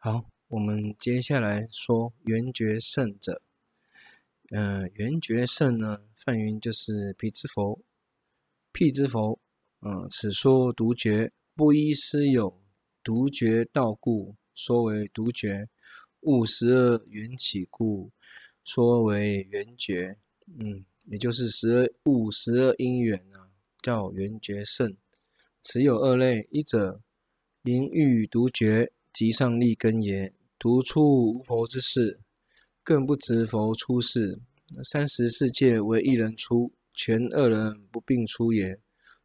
好，我們接下來說緣覺聖者。嗯、呃，緣覺聖呢，梵云就是辟支佛。辟支佛，嗯、呃，此說獨覺不依師友，獨覺道故說為獨覺，悟十二緣起故說為緣覺。嗯，也就是十二悟十二因緣啊，叫緣覺聖。此有二類，一者麟喻獨覺。即上立根也，獨出無佛之世，更不知佛出世。三十世界唯一人出，全二人不並出也。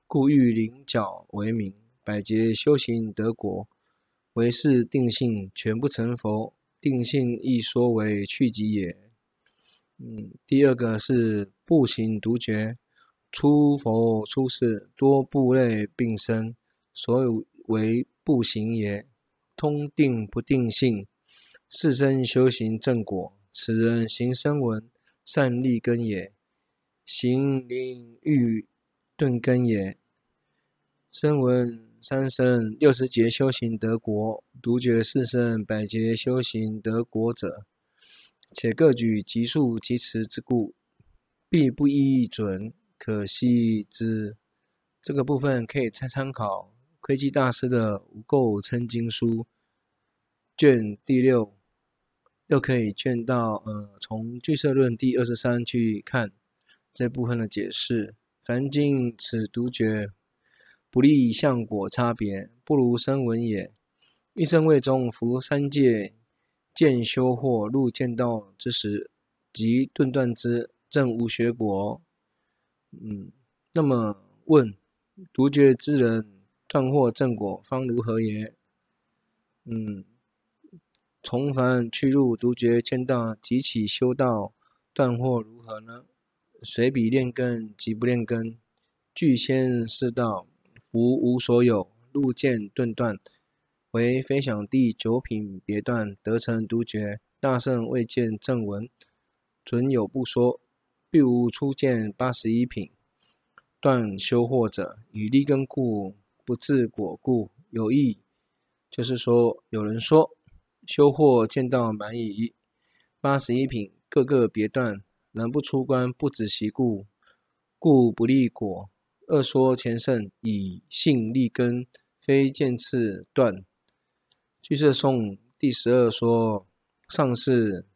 故欲麟角為名，百劫修行得果，為是定性，全不成佛。定性亦說為趣寂也。嗯，第二個是部行獨絕，出佛出世多部類並生，所以為部行也。通定不定性，四生修行正果。此人行聲聞善利根也，行靈欲鈍根也。聲聞三生六十劫修行得果，獨覺四生百劫修行得果者，且各舉極數極遲之故，必不依準，可惜之。這個部分可以參參考窺基大師的《無垢稱經疏》。卷第六，又可以卷到呃，從俱舍論第二十三去看這部分的解釋。凡經此獨覺，不立相果差別，不如聲聞也。一生為中，服三界，見修惑入見道之時，即頓斷之，正無學果。嗯，那麼問獨覺之人斷惑正果，方如何言？嗯。從凡去入獨覺見道，即起修道，斷惑如何呢？隨彼煉根，即不煉根，具先世道，無無所有，入見頓斷，為非想第九品別斷得成獨覺大聖未見正文，准有不說。必無初見八十一品斷修惑者，以利根故，不自果故，有異。就是說，有人說。修惑見道滿已八十一品，各個別斷，然不出關，不指其故，故不立果。二說前聖以信立根，非見次斷。俱舍頌第十二說：上士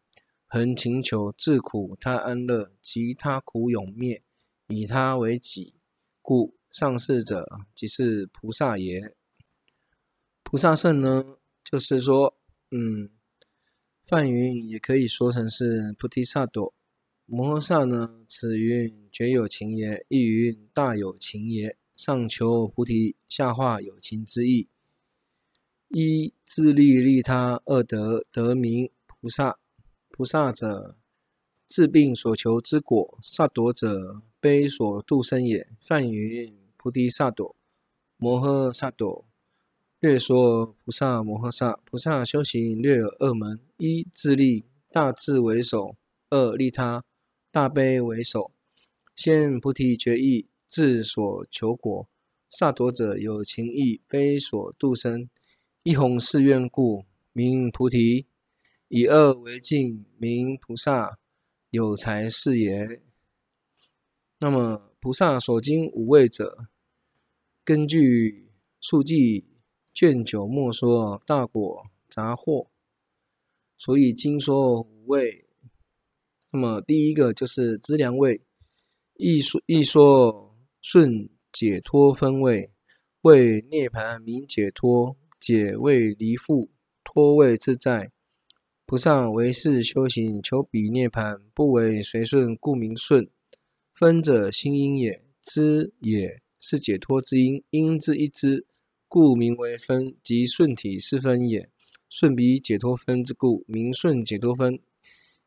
恆勤求自苦他安樂，及他苦永滅，以他為己。故上士者即是菩薩也。菩薩聖呢，就是說。嗯，梵云也可以說成是菩提薩埵，摩訶薩呢。此云覺有情也，亦云大有情也。上求菩提，下化有情之意。一自利利他，二德，得名菩薩。菩薩者，治病所求之果；薩埵者，悲所度生也。梵云菩提薩埵，摩訶薩埵。略說菩薩摩訶薩菩薩修行略有二門：一自利，大智為首；二利他，大悲為首。現菩提覺義自所求果，薩埵者有情義，悲所度生，一弘誓願故名菩提；以二為境名菩薩，有財是也。那麼菩薩所經五位者，根據《述記》。卷九莫說大果雜貨，所以經說五位。那麼第一個就是資糧位。一說一說順解脫分位，為涅槃名解脫，解為離縛，脫為自在。菩薩為是修行，求彼涅槃，不為隨順，故名順。分者心因也，知也是解脫之因，因之一知。故名為分，即順體是分也。順彼解脫分之故，名順解脫分。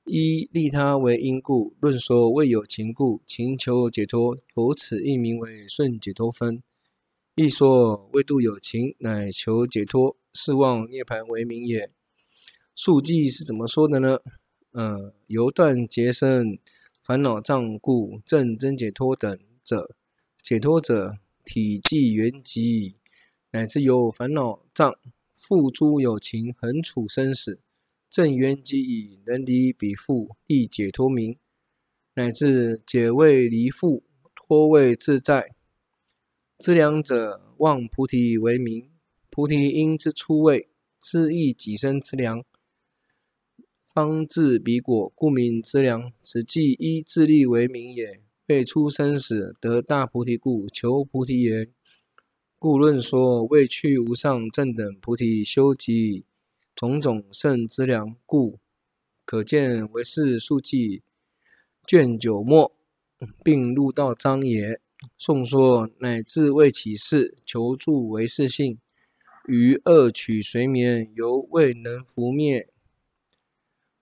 一利他為因故，論說未有情故，情求解脫，由此亦名為順解脫分。一說未度有情，乃求解脫，是望涅槃為名也。述記是怎麼說的呢？嗯、呃，由斷結生煩惱障故，正真解脫等者，解脫者體即圓寂。乃至有煩惱障縛諸有情，恆處生死，正緣即以能離彼縛，亦解脫名；乃至解謂離縛，脫謂自在。知量者望菩提為名，菩提因之出位，知亦己身之量，方至彼果，故名之量。此即依自利為名也。未出生死，得大菩提故，求菩提言故論說為趣無上正等菩提修集種種勝資糧故，可見唯識述記卷九末，並入道章也。頌說乃至未起事，求住唯識性，於惡取隨眠猶未能伏滅。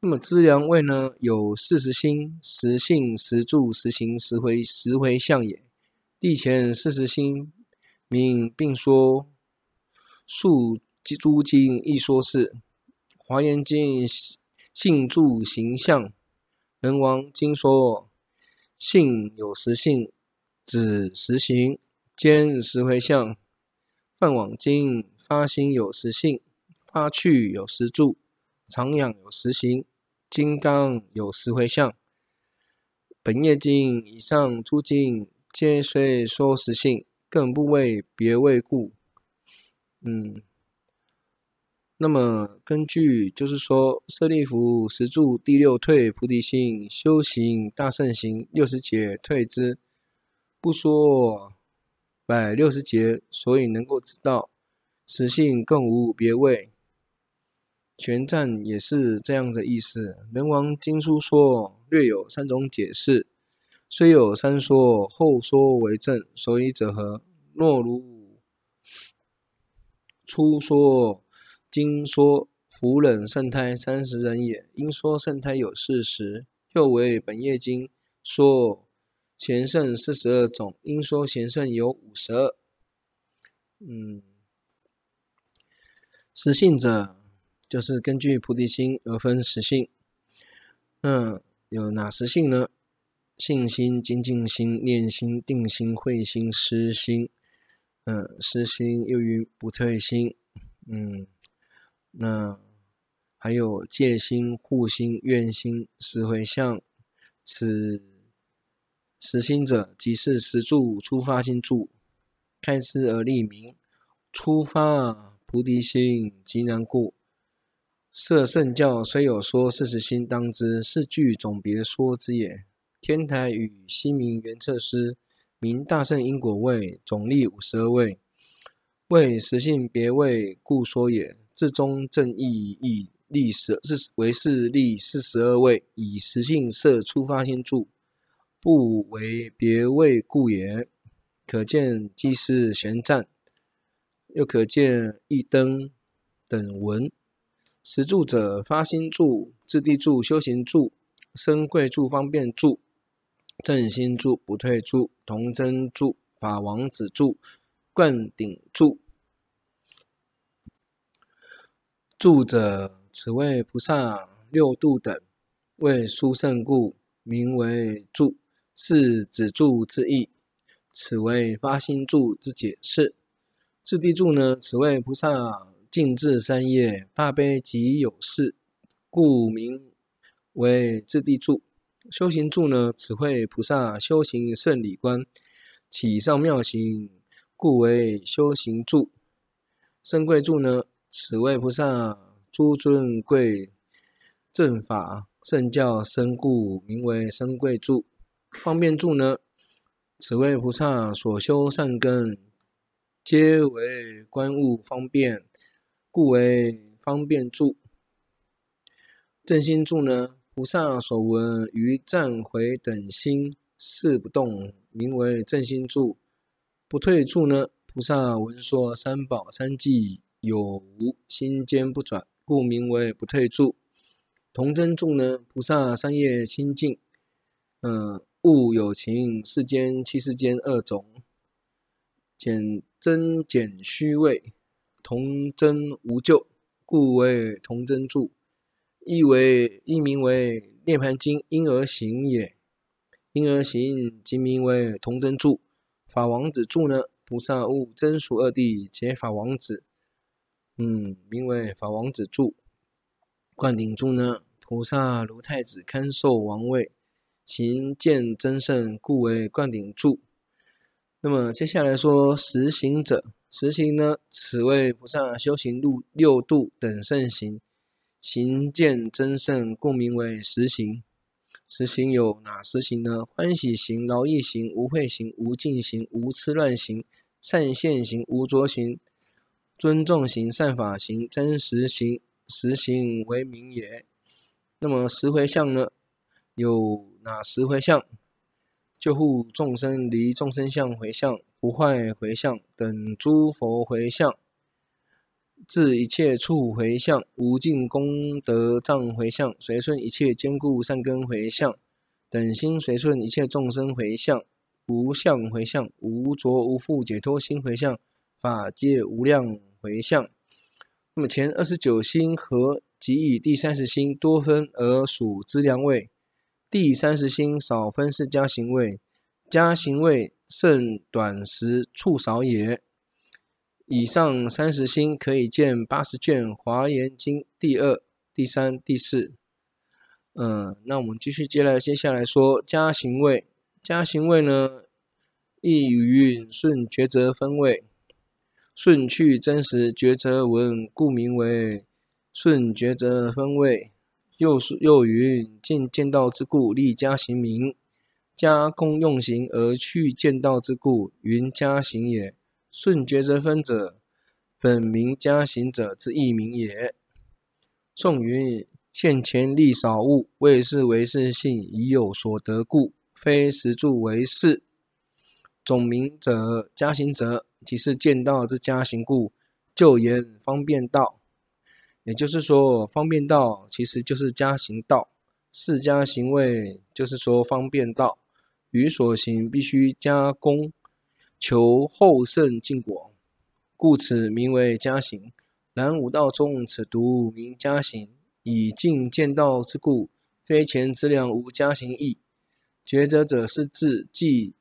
那麼資糧位呢？有四十心，十信十住、十行十迴、十迴向也。地前四十心。名並說，述諸經亦說是，華嚴經信住行向，仁王經說信有十信，指十行兼十迴向，梵網經發心有十信，發趣有十住，長養有十行，金剛有十迴向，本業經以上諸經皆雖說十信。更不為別位故，嗯，那麼根據就是說，舍利弗，十住第六退菩提心，修行大聖行六十劫退之，不說百六十劫，所以能夠知道實性更無別位。全占也是這樣的意思。仁王經書說，略有三種解釋。雖有三說，後說為正，所以者何？若如初說、經說、伏忍聖胎三十人也；應說聖胎有四十，又為本業經說賢聖四十二種，應說賢聖有五十二。嗯，實性者就是根據菩提心而分實性。嗯，有哪實性呢？信心、精進心、念心、定心、慧心、施心，嗯、呃，施心又於不退心，嗯，那還有戒心、護心、願心、十回向，此十心者，即是十住、初發心住，開之而立名。初發菩提心，極難故。色聖教雖有說，四十心當知，是具總別說之也。天台與西明圓測師，明大聖因果位總立五十二位，為十信別位故說也。至中正義以立十是為是立四十二位，以十信攝初發心住不為別位故也，可見既是玄贊，又可見一燈等文。十住者，發心住、治地住、修行住、生貴住、方便住。正心住、不退住、童真住、法王子住、灌頂住。住者，此為菩薩六度等為殊勝故，名為住，是止住之意。此為發心住之解釋。治地住呢？此為菩薩淨治三業大悲即有事，故名為治地住。修行住呢？此位菩薩修行勝理觀，起上妙行，故為修行住。生貴住呢？此為菩薩諸尊貴正法聖教生故，名為生貴住。方便住呢？此為菩薩所修善根，皆為觀物方便，故為方便住。正心住呢？菩薩所聞於讚毀等心事不動，名為正心住；不退住呢？菩薩聞說三寶三際有無心堅不轉，故名為不退住。童真住呢，菩薩三業清淨，嗯、呃，物有情世間器世間二種，減增減虛位，童真無咎，故為童真住。亦為，亦名為涅槃經，嬰兒行也；嬰兒行，即名為童真住。法王子住呢？菩薩悟真俗二諦，皆法王子，嗯，名為法王子住。灌頂住呢？菩薩如太子堪受王位，行見真聖，故為灌頂住。那麼接下來說十行者，十行呢？此謂菩薩修行六六度等聖行。行見真聖，故名為十行。十行有哪十行呢？歡喜行、勞逸行、無慧行、無盡行、無痴亂行、善現行、無着行、尊重行、善法行、真實行。實行為名也。那麼十回向呢？有哪十回向？救護眾生離眾生相回向、不壞回向等諸佛回向。自一切處回向，無盡功德藏回向，隨順一切堅固善根回向，等心隨順一切眾生回向，無相回向，無着無負解脫心回向，法界無量回向。那麼前二十九星和及以第三十星多分而屬之糧位，第三十星少分是加行位，加行位甚短時處少也。以上三十心可以見八十卷《華嚴經》第二、第三、第四。嗯、呃，那我們繼續接來，接下來說加行位。加行位呢，亦云順抉擇分位，順去真實抉擇文，故名為順抉擇分位。又又云見見道之故立加行名，加功用行而去見道之故，云加行也。順決擇分者，本名加行者之異名也。頌云：現前立少物，謂是唯識性，以有所得故，非實住唯識。總名者，加行者，即是見道之加行故。舊言方便道，也就是說方便道其實就是加行道。是加行位，就是說方便道，於所行必須加功。求後勝進果，故此名為加行。然五道中此獨名加行，以近見道之故。非前之量無加行義。抉擇者，者是智，即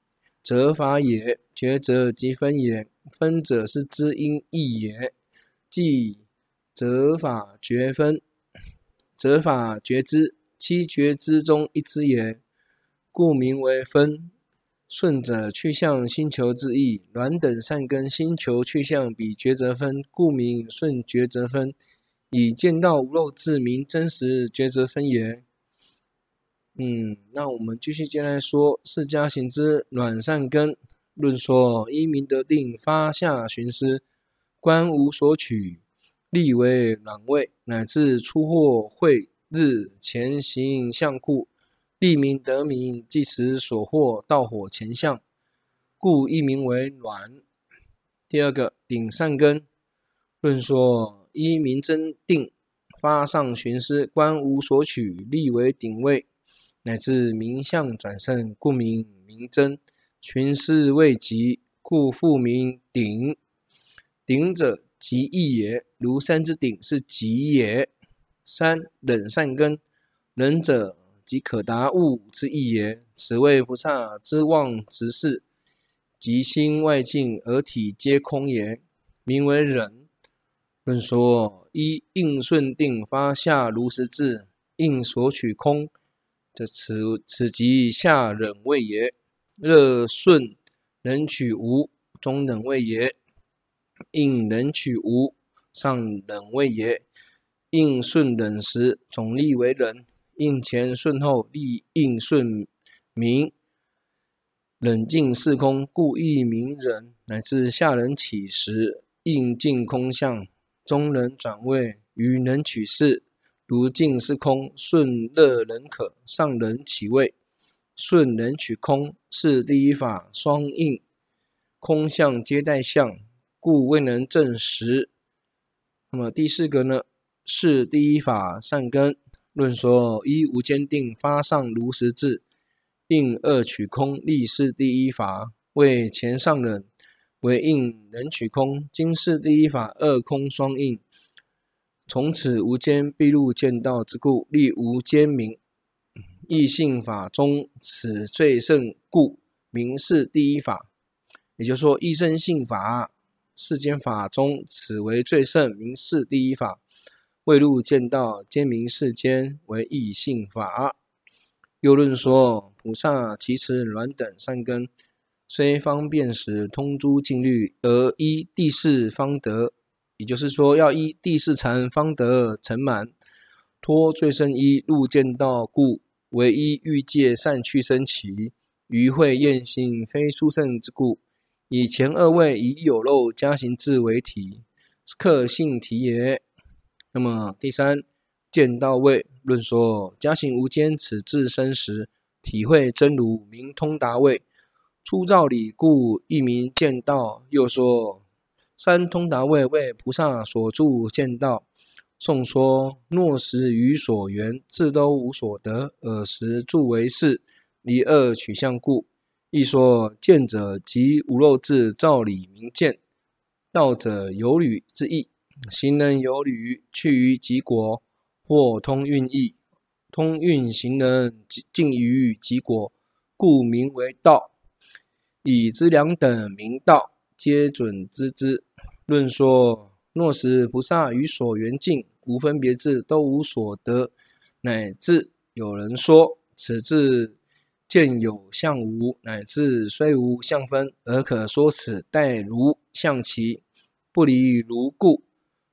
擇法也，；抉擇即分也。分者是知音義也，即擇法覺分，擇法覺支。七覺之中一支也，故名為分。順者趣向欣求之意，煖等善根欣求趣向，彼抉擇分，故名順抉擇分，以見道無漏智明真實抉擇分也。嗯，那我們繼續接下來說，釋加行之煖善根論說，依明得定發下尋思，觀無所取，立為煖位，乃至出貨會日前行相故。立名得名，即此所獲道火前相，故一名為暖。第二個頂善根論說，一名真定，發上尋思，觀無所取，立為頂位，乃至名相轉勝，故名名真。尋思未及，故復名頂。頂者極義也，如山之頂是極也。三忍善根，忍者。即可達物之意也，此謂不察之妄執事，即心外境而體皆空也，名為忍。論說依應順定發下如實智，應所取空則此此即下忍位也。樂順能取無中忍位也，應能取無上忍位也，應順忍時總立為忍。應前順後，立應順明，冷靜是空，故亦名人乃至下人起時，應盡空相；中人轉位，與能取事，如盡是空順，樂人可上人起位，順人取空世第一法，雙應空相接待相，故未能證實。那麼第四個呢？世第一法善根。論說依，無間定發上如實智，印二取空，立世第一法。謂前上忍唯印能取空，今世第一法二空雙印，從此無間必入見道之故，立無間名。異性法中此最勝故，名世第一法。也就是說，異生性法世間法中此為最勝，名世第一法。未入見道，皆名世間為異性法。又論說菩薩其持卵等善根，雖方便時通諸靜慮，而依第四方得。也就是說，要依第四禪方得成滿。託最勝依入見道故，唯依欲界善趣生起，餘會厭性非殊勝之故。以前二位以有漏加行智為體，克性體也。那麼第三，見道位論說，加行無間，此智生時，體會真如，名通達位，初照理故，一名見道。又說，三通達位為菩薩所住見道。頌說：若時於所緣智都無所得，爾時住唯識，離二取相故。亦說見者即無漏智照理明見，道者有履之意。行人有履去於己果，或通運義，通運行人盡於己果，故名為道。以資糧等名道，皆准知之，之。論說：若時菩薩於所緣境無分別智，都無所得。乃至有人說此智見有相無，乃至雖無相分而可說此，帶如相起，不離如故。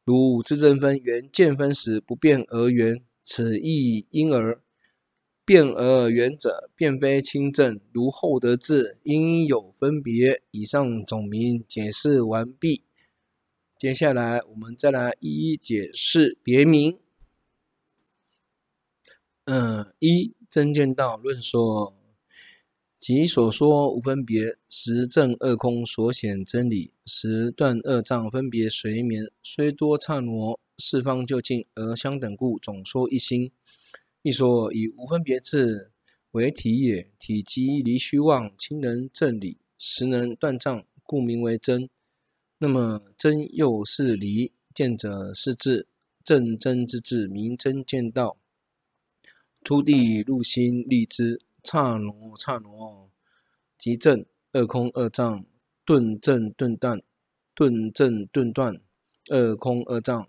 如自證分，緣見分時不變而緣，此亦因而變而緣者，便非親證，如後得智，應有分別。以上總名解釋完畢。接下來我們再來一一解釋別名。嗯，一，真見道論說。即所說無分別，實證二空所顯真理，實斷二障分別隨眠，雖多剎那四方究竟而相等故，總說一心。亦說以無分別智為體也，體即離虛妄，親能證理，實能斷障，故名為真。那麼真又是離，見者是智，正真之智名真見道，出地入心立之。差羅差羅，即證二空二障頓證頓斷，頓證頓斷，二空二障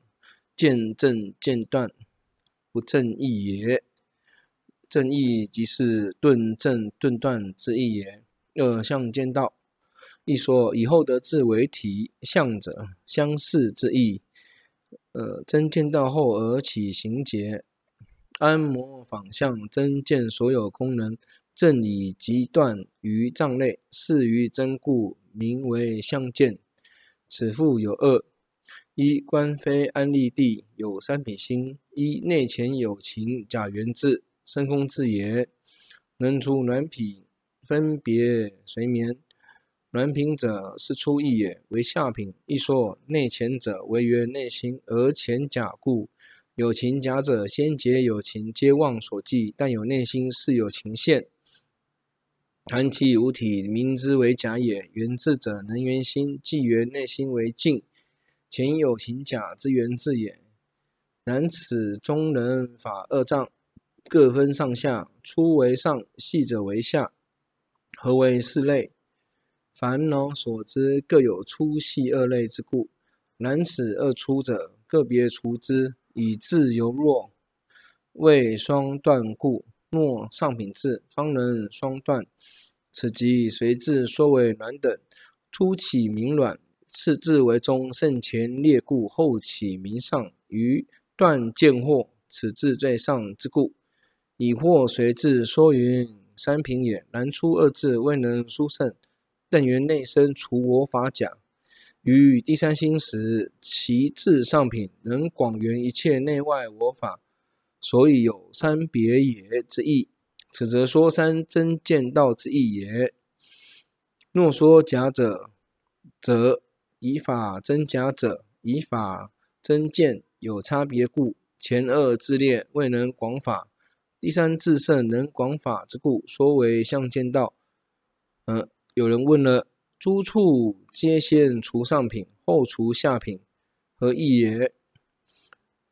見證見斷，不正義也。證義即是頓證頓斷之意也。二相見道一說，以後得智為體相者相似之意。呃，真見道後而起行劫。按摩仿像真見所有功能，正以即斷於藏內，是於真故名為相見。此複有二：一觀非安立諦，有三品心；一內遣有情假緣智，生空智也，能除軟品，分別隨眠。軟品者是出一也，為下品。一說內遣者為約內心，而遣假故。有情假者，先結有情，皆妄所計；但有內心，是有情現。談其無體，明知為假也。緣自者，能緣心，即緣內心為境。前有情假之緣自也。然此中人法二障，各分上下，粗為上，細者為下。何為四類？煩惱所知各有粗細二類之故。然此二粗者，個別除之。以字尤弱，未雙斷故；若上品字，方能雙斷。此即隨之說為煖等。初起明軟，次字為中，勝前列故；後起明上，於斷見惑，此至最上之故。以惑隨之說云，三品也。然初二字未能殊勝，但云內身除我法假。於第三心時，其至上品，能廣圓一切內外我法，所以有三別也之意，此則說三真見道之意也。若說假者，者，則以法真假者，以法真見有差別故，前二自劣未能廣法，第三自勝能廣法之故，說為相見道。嗯，有人問了。諸處皆先除上品，後除下品，何意也？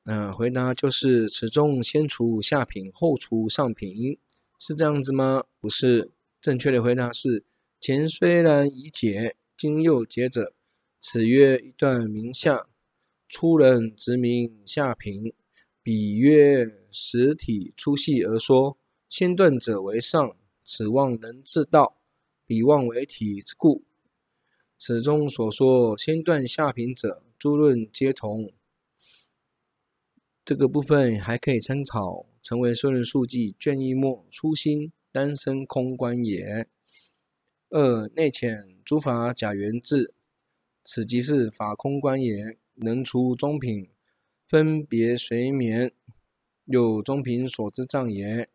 嗯、呃，回答就是此中先除下品，後除上品，是這樣子嗎？不是，正確的回答是：前雖然已解，今又解者，此約一段名下，初人直名下品，彼約實體粗細而說，先斷者為上，此望能治道，彼望為體之故。此中所說，先斷下品者，諸論皆同。這個部分還可以參考，成為《順論述記》卷一末初心單生空觀也。二內遣諸法假緣智，此即是法空觀也，能除中品，分別隨眠，有中品所知障也。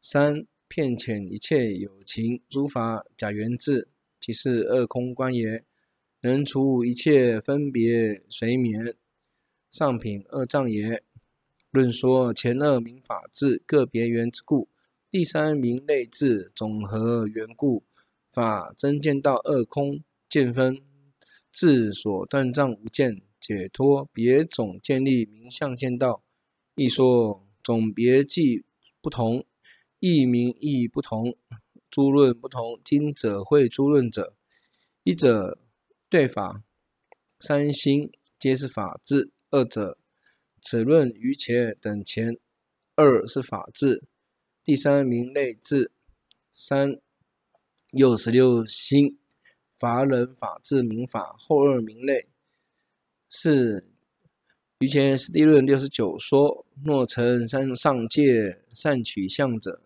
三遍遣一切有情諸法假緣智。甲原其是二空觀也，能除一切分別隨眠，上品二障也，論說前二名法智各別緣之故，第三名類智總合緣故。法真見道二空見分智所斷障無間解脫，別總建立名相見道。一說總別記不同，一名亦不同。諸論不同，今者會諸論者，一者對法三心皆是法智，二者此論於前等前二是法智，第三名類智三有十六心，法人法智名法後二名類。四瑜伽師地論六十九說，若成三上界善取相者。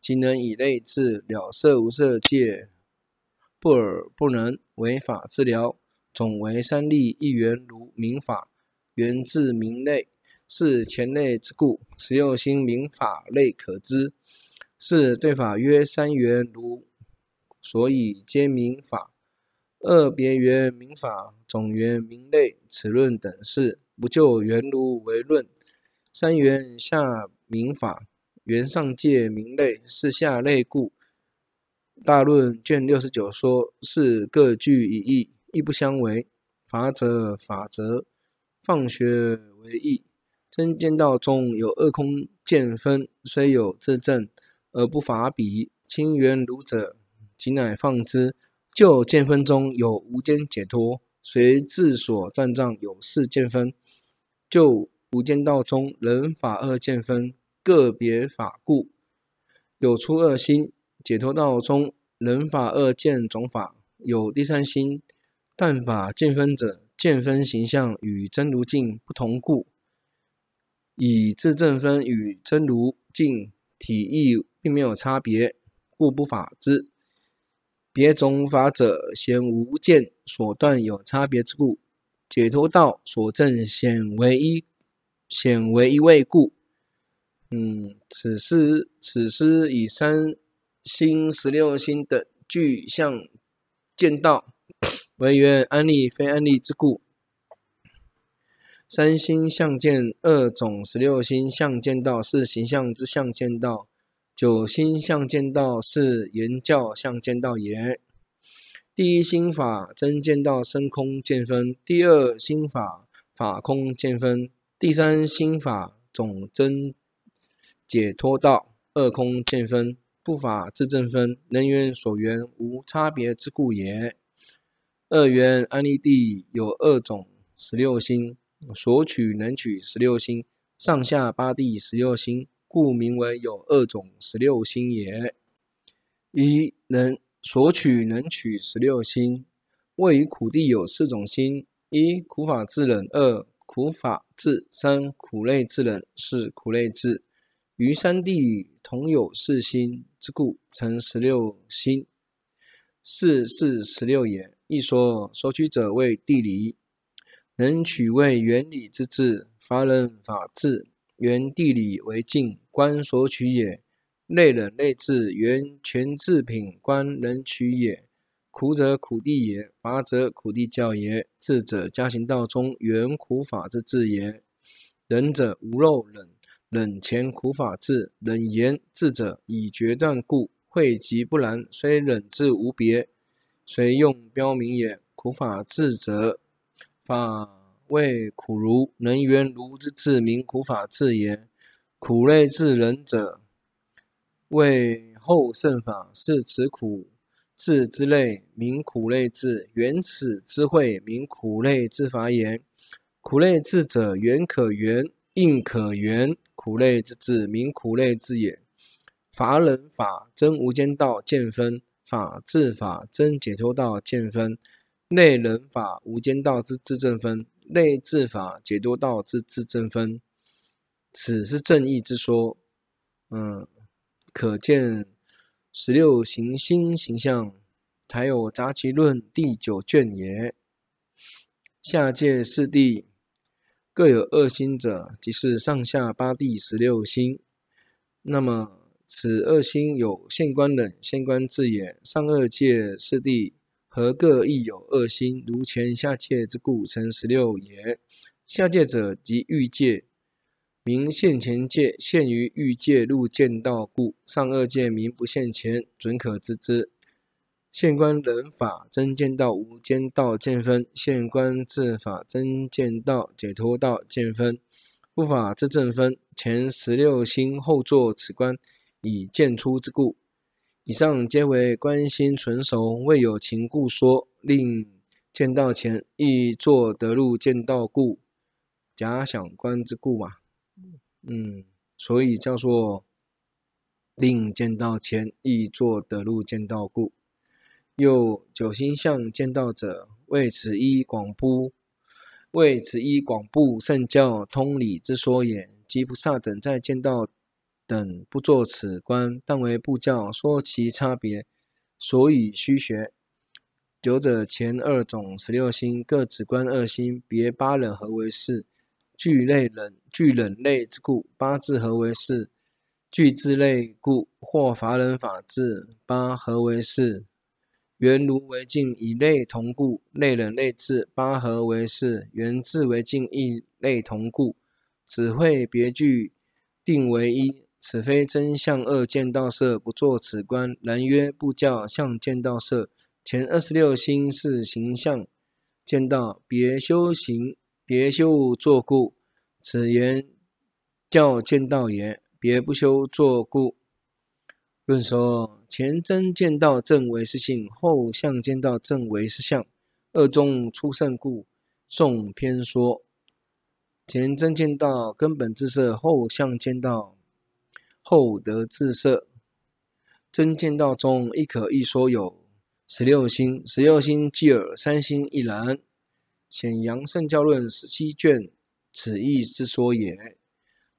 其能以類治，了色無色界，不爾不能違法治療。總為三類一緣如明法，緣自明類，是前類之故。實用心明法類可知。是對法約三緣如，所以皆明法。二別緣明法，總緣明類。此論等是不就緣如為論。三緣下明法。原上界名類是下類故，大論卷六十九說是各具一義，亦不相違。法者法則，放學為義。真見道中有二空見分，雖有自證而不法比，清源如者，即乃放之。就見分中有無間解脫，隨自所斷障有四見分。就無間道中人法二見分。個別法故，有出二心，解脫道中人法二見，總法有第三心。但法見分者，見分形象與真如境不同故，以自證分與真如境體義並沒有差別故，不法之別。總法者，嫌無見所斷有差別之故，解脫道所證顯為一顯為一位故。嗯，此詩此詩以三心十六心的具相見道為曰安立非安立之故。三心相見，二種十六心相見道是形象之相見道，九心相見道是言教相見道也。第一心法真見道，生空見分，第二心法法空見分，第三心法總真。解脫道二空見分不法自證分能緣所緣無差別之故也。二緣安立地有二種十六心，所取能取十六心，上下八地十六心，故名為有二種十六心也。一能所取能取十六心，位於苦地有四種心：一苦法智忍，二苦法智，三苦類智忍，四苦類智。於三諦同有四心之故，成十六心。四四十六也。一說所取者為諦理，能取為緣理之智；法忍法智，緣諦理為境，觀所取也。類忍類智，緣全智品觀能取也。苦者苦諦也，法者苦諦教也，智者加行道中緣苦法之智也。忍者無肉忍。忍前苦法智，忍言智者以決斷故，會集不然，雖忍智無別，隨用標名也。苦法智者，法為苦如能緣如之智名苦法智也。苦類智人者，謂後勝法是此苦智之類名苦類智，緣此智慧名苦，苦類智法言，苦類智者緣可緣，應可緣。苦類之智，名苦類智也。法忍法真無間道見分，法智法真解脫道見分。類忍法無間道之智正分，類智法解脫道之智正分。此是正義之說。嗯，可見十六行心形象，還有雜集論第九卷也。下界四地。各有二心者，即是上下八諦十六心。那麼此二心有現觀忍現觀智也。上二界四諦，何各亦有二心？如前下界之故成十六也。下界者即欲界，名現前界。現於欲界入見道故，上二界名不現前，准可知之。現觀人法真見道，無間道見分；現觀自法真見道，解脫道見分，不法自證分。前十六心後作此觀，以見出之故。以上皆為觀心純熟，未有情故說。令見道前亦作得入見道故，假想觀之故嘛、啊。嗯，所以叫做令見道前亦作得入見道故。又九心相見道者，為此一廣布，為此一廣布聖教通理之說也。及菩薩等在見道等不作此觀，但為部教說其差別，所以虛學。九者前二種十六心各只觀二心，別八忍合為四？聚類忍聚忍類之故。八智合為四？聚智類故。或法忍法智八合為四？緣如為境，以類同故，類忍類智，八合為四；緣智為境，亦類同故，此會別具定為一。此非真、相二見道攝，不作此觀。然曰不教相見道攝。前二十六心是形象見道別修行，別修作故。此言教見道也，別不修作故。論說。前真見道正為是性，後相見道正為是相。二中出聖故，宋篇說。前真見道根本智攝，後相見道後得智攝。真見道中亦可一說，有十六心，十六心既爾，三心亦然。顯揚聖教論十七卷，此意之說也。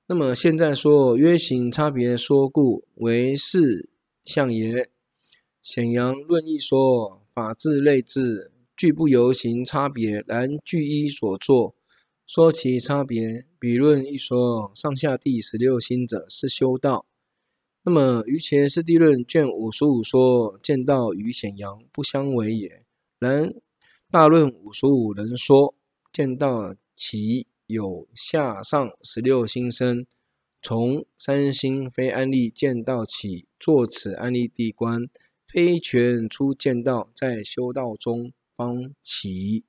那麼現在說，約行差別說故為是。相爺，顯揚論一說法智類智俱不由行差別，然據一所作說其差別。彼論一說上下地十六心者是修道，那麼於前是地論卷五十五說見道與顯揚不相違也。然大論五十五人說見道其有下上十六心生。從三性非安立見道”起，作此安立諦觀，非全出見道，在修道中方起。